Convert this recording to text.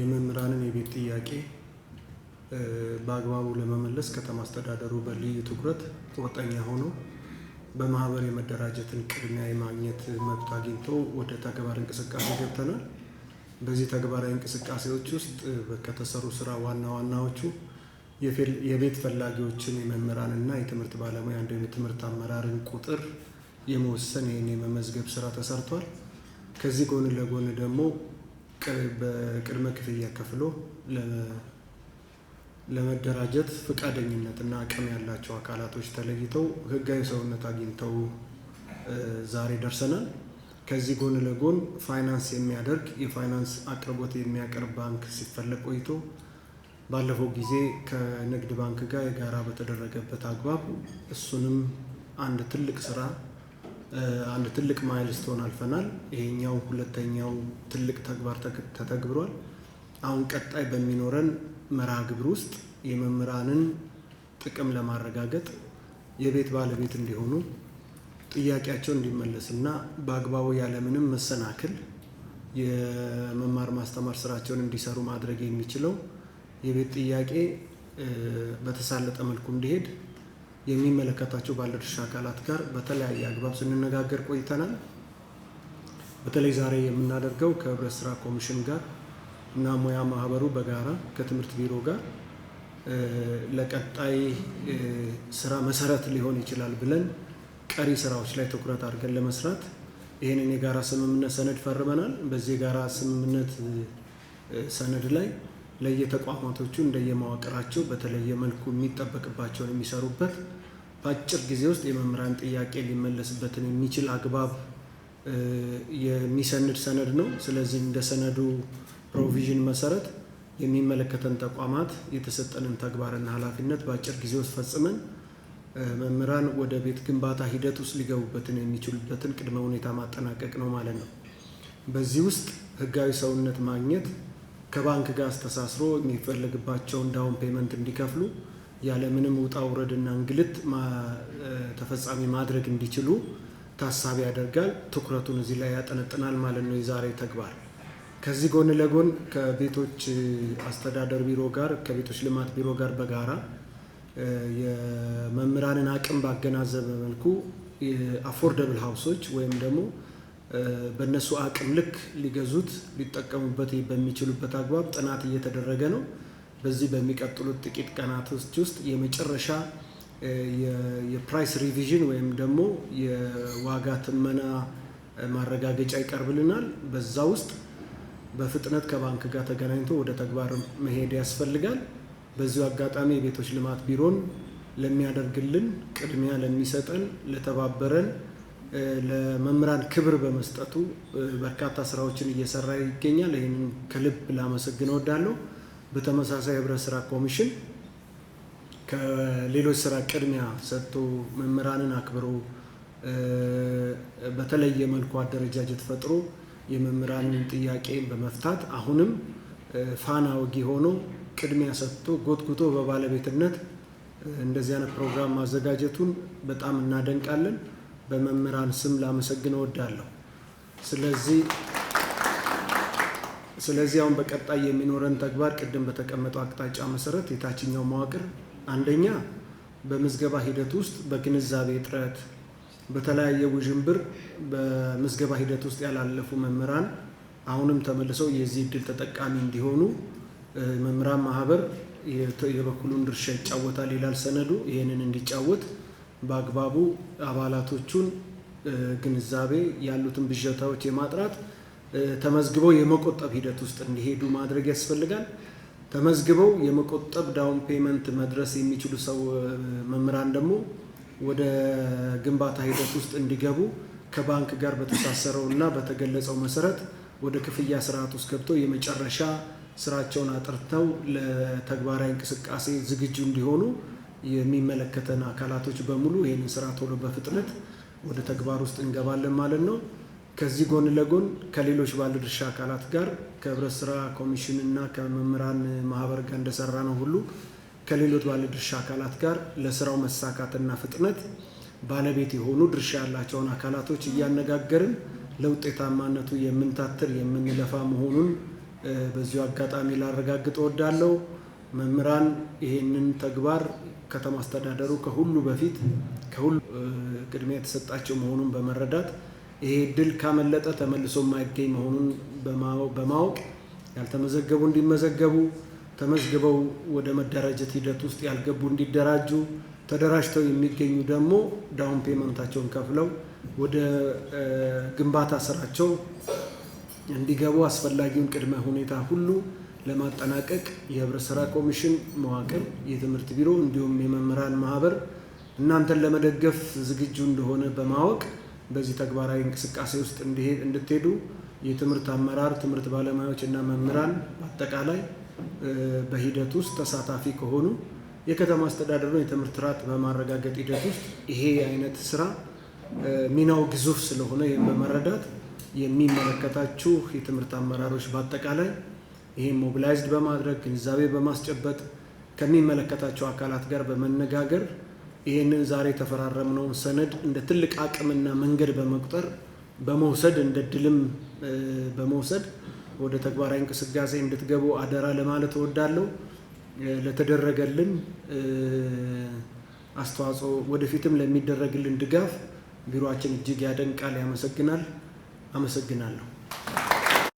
የመምህራንን የቤት ጥያቄ በአግባቡ ለመመለስ ከተማ አስተዳደሩ በልዩ ትኩረት ወጠኛ ሆኖ በማህበር የመደራጀትን ቅድሚያ የማግኘት መብት አግኝቶ ወደ ተግባር እንቅስቃሴ ገብተናል። በዚህ ተግባራዊ እንቅስቃሴዎች ውስጥ ከተሰሩ ስራ ዋና ዋናዎቹ የቤት ፈላጊዎችን የመምህራንና የትምህርት ባለሙያ እንዲሁም የትምህርት አመራርን ቁጥር የመወሰን ይህን የመመዝገብ ስራ ተሰርቷል። ከዚህ ጎን ለጎን ደግሞ በቅድመ ክፍያ ከፍሎ ለመደራጀት ፈቃደኝነት እና አቅም ያላቸው አካላቶች ተለይተው ህጋዊ ሰውነት አግኝተው ዛሬ ደርሰናል። ከዚህ ጎን ለጎን ፋይናንስ የሚያደርግ የፋይናንስ አቅርቦት የሚያቀርብ ባንክ ሲፈለግ ቆይቶ ባለፈው ጊዜ ከንግድ ባንክ ጋር የጋራ በተደረገበት አግባብ እሱንም አንድ ትልቅ ስራ አንድ ትልቅ ማይልስቶን አልፈናል። ይሄኛው ሁለተኛው ትልቅ ተግባር ተተግብሯል። አሁን ቀጣይ በሚኖረን መርሃ ግብር ውስጥ የመምህራንን ጥቅም ለማረጋገጥ የቤት ባለቤት እንዲሆኑ ጥያቄያቸው እንዲመለስና በአግባቡ ያለምንም መሰናክል የመማር ማስተማር ስራቸውን እንዲሰሩ ማድረግ የሚችለው የቤት ጥያቄ በተሳለጠ መልኩ እንዲሄድ የሚመለከታቸው ባለድርሻ አካላት ጋር በተለያየ አግባብ ስንነጋገር ቆይተናል። በተለይ ዛሬ የምናደርገው ከህብረት ስራ ኮሚሽን ጋር እና ሙያ ማህበሩ በጋራ ከትምህርት ቢሮ ጋር ለቀጣይ ስራ መሰረት ሊሆን ይችላል ብለን ቀሪ ስራዎች ላይ ትኩረት አድርገን ለመስራት ይህንን የጋራ ስምምነት ሰነድ ፈርመናል። በዚህ የጋራ ስምምነት ሰነድ ላይ ለየተቋማቶቹ እንደየመዋቅራቸው በተለየ መልኩ የሚጠበቅባቸውን የሚሰሩበት በአጭር ጊዜ ውስጥ የመምህራን ጥያቄ ሊመለስበትን የሚችል አግባብ የሚሰንድ ሰነድ ነው። ስለዚህ እንደ ሰነዱ ፕሮቪዥን መሰረት የሚመለከተን ተቋማት የተሰጠንን ተግባርና ኃላፊነት በአጭር ጊዜ ውስጥ ፈጽመን መምህራን ወደ ቤት ግንባታ ሂደት ውስጥ ሊገቡበትን የሚችሉበትን ቅድመ ሁኔታ ማጠናቀቅ ነው ማለት ነው። በዚህ ውስጥ ህጋዊ ሰውነት ማግኘት ከባንክ ጋር አስተሳስሮ የሚፈለግባቸውን ዳውን ፔመንት እንዲከፍሉ ያለምንም ውጣ ውረድና እንግልት ተፈጻሚ ማድረግ እንዲችሉ ታሳቢ ያደርጋል። ትኩረቱን እዚህ ላይ ያጠነጥናል ማለት ነው የዛሬ ተግባር። ከዚህ ጎን ለጎን ከቤቶች አስተዳደር ቢሮ ጋር ከቤቶች ልማት ቢሮ ጋር በጋራ የመምህራንን አቅም ባገናዘበ መልኩ አፎርደብል ሀውሶች ወይም ደግሞ በእነሱ አቅም ልክ ሊገዙት ሊጠቀሙበት በሚችሉበት አግባብ ጥናት እየተደረገ ነው። በዚህ በሚቀጥሉት ጥቂት ቀናቶች ውስጥ የመጨረሻ የፕራይስ ሪቪዥን ወይም ደግሞ የዋጋ ትመና ማረጋገጫ ይቀርብልናል። በዛ ውስጥ በፍጥነት ከባንክ ጋር ተገናኝቶ ወደ ተግባር መሄድ ያስፈልጋል። በዚሁ አጋጣሚ የቤቶች ልማት ቢሮን ለሚያደርግልን ቅድሚያ ለሚሰጠን ለተባበረን ለመምህራን ክብር በመስጠቱ በርካታ ስራዎችን እየሰራ ይገኛል። ይህንን ከልብ ላመሰግን እወዳለሁ። በተመሳሳይ ህብረት ስራ ኮሚሽን ከሌሎች ስራ ቅድሚያ ሰጥቶ መምህራንን አክብሮ በተለየ መልኩ አደረጃጀት ፈጥሮ የመምህራንን ጥያቄ በመፍታት አሁንም ፋና ወጊ ሆኖ ቅድሚያ ሰጥቶ ጎትጉቶ በባለቤትነት እንደዚህ አይነት ፕሮግራም ማዘጋጀቱን በጣም እናደንቃለን። በመምህራን ስም ላመሰግን እወዳለሁ። ስለዚህ ስለዚህ አሁን በቀጣይ የሚኖረን ተግባር ቅድም በተቀመጠው አቅጣጫ መሰረት የታችኛው መዋቅር አንደኛ በምዝገባ ሂደት ውስጥ በግንዛቤ እጥረት በተለያየ ውዥንብር በምዝገባ ሂደት ውስጥ ያላለፉ መምህራን አሁንም ተመልሰው የዚህ እድል ተጠቃሚ እንዲሆኑ መምህራን ማህበር የበኩሉን ድርሻ ይጫወታል ይላል ሰነዱ። ይህንን እንዲጫወት በአግባቡ አባላቶቹን ግንዛቤ ያሉትን ብዥታዎች የማጥራት ተመዝግበው የመቆጠብ ሂደት ውስጥ እንዲሄዱ ማድረግ ያስፈልጋል። ተመዝግበው የመቆጠብ ዳውን ፔመንት መድረስ የሚችሉ ሰው መምህራን ደግሞ ወደ ግንባታ ሂደት ውስጥ እንዲገቡ ከባንክ ጋር በተሳሰረው እና በተገለጸው መሰረት ወደ ክፍያ ስርዓት ውስጥ ገብተው የመጨረሻ ስራቸውን አጥርተው ለተግባራዊ እንቅስቃሴ ዝግጁ እንዲሆኑ የሚመለከተን አካላቶች በሙሉ ይህንን ስራ ቶሎ በፍጥነት ወደ ተግባር ውስጥ እንገባለን ማለት ነው። ከዚህ ጎን ለጎን ከሌሎች ባለድርሻ አካላት ጋር ከህብረት ስራ ኮሚሽን እና ከመምህራን ማህበር ጋር እንደሰራ ነው ሁሉ ከሌሎች ባለድርሻ አካላት ጋር ለስራው መሳካትና ፍጥነት ባለቤት የሆኑ ድርሻ ያላቸውን አካላቶች እያነጋገርን ለውጤታማነቱ የምንታትር የምንለፋ መሆኑን በዚሁ አጋጣሚ ላረጋግጥ እወዳለሁ። መምህራን ይሄንን ተግባር ከተማ አስተዳደሩ ከሁሉ በፊት ከሁሉ ቅድሚያ የተሰጣቸው መሆኑን በመረዳት ይሄ ድል ካመለጠ ተመልሶ የማይገኝ መሆኑን በማወቅ ያልተመዘገቡ እንዲመዘገቡ፣ ተመዝግበው ወደ መደራጀት ሂደት ውስጥ ያልገቡ እንዲደራጁ፣ ተደራጅተው የሚገኙ ደግሞ ዳውን ፔመንታቸውን ከፍለው ወደ ግንባታ ስራቸው እንዲገቡ አስፈላጊውን ቅድመ ሁኔታ ሁሉ ለማጠናቀቅ የህብረት ስራ ኮሚሽን መዋቅር፣ የትምህርት ቢሮ እንዲሁም የመምህራን ማህበር እናንተን ለመደገፍ ዝግጁ እንደሆነ በማወቅ በዚህ ተግባራዊ እንቅስቃሴ ውስጥ እንድትሄዱ የትምህርት አመራር፣ ትምህርት ባለሙያዎች እና መምህራን አጠቃላይ በሂደት ውስጥ ተሳታፊ ከሆኑ የከተማ አስተዳደሩን የትምህርት ጥራት በማረጋገጥ ሂደት ውስጥ ይሄ አይነት ስራ ሚናው ግዙፍ ስለሆነ ይህን በመረዳት የሚመለከታችሁ የትምህርት አመራሮች በአጠቃላይ ይሄ ሞቢላይዝድ በማድረግ ግንዛቤ በማስጨበጥ ከሚመለከታቸው አካላት ጋር በመነጋገር ይህንን ዛሬ የተፈራረምነውን ሰነድ እንደ ትልቅ አቅምና መንገድ በመቁጠር በመውሰድ እንደ ድልም በመውሰድ ወደ ተግባራዊ እንቅስቃሴ እንድትገቡ አደራ ለማለት እወዳለሁ። ለተደረገልን አስተዋጽኦ፣ ወደፊትም ለሚደረግልን ድጋፍ ቢሮችን እጅግ ያደንቃል፣ ያመሰግናል። አመሰግናለሁ።